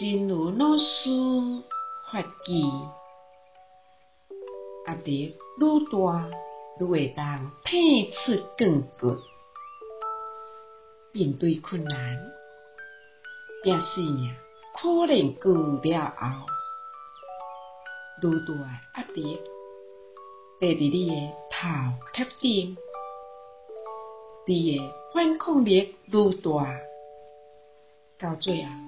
真如老師發緊，壓力愈大愈、啊、能撐出剛骨。面對困難，苦練久了之後，愈大壓力，壓到你頭上，你的反抗力愈大，到最後。melt down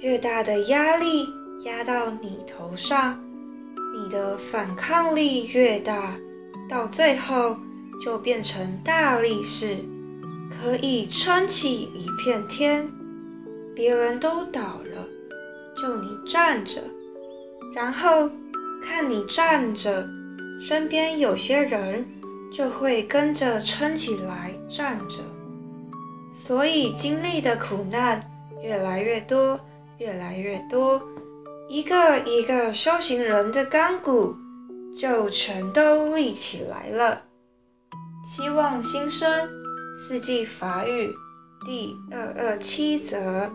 越大的壓力壓到你頭上，你的反抗力越大，到最後就變成大力士，可以撐起一片天。別人都倒了，就你站着，然後看你站着，身邊有些人就會跟着撐起來站着。所以經歷的苦難越來越多。越來越多，一個一個修行人的剛骨就全都立起來了。希望新生，四季法語第二二七則。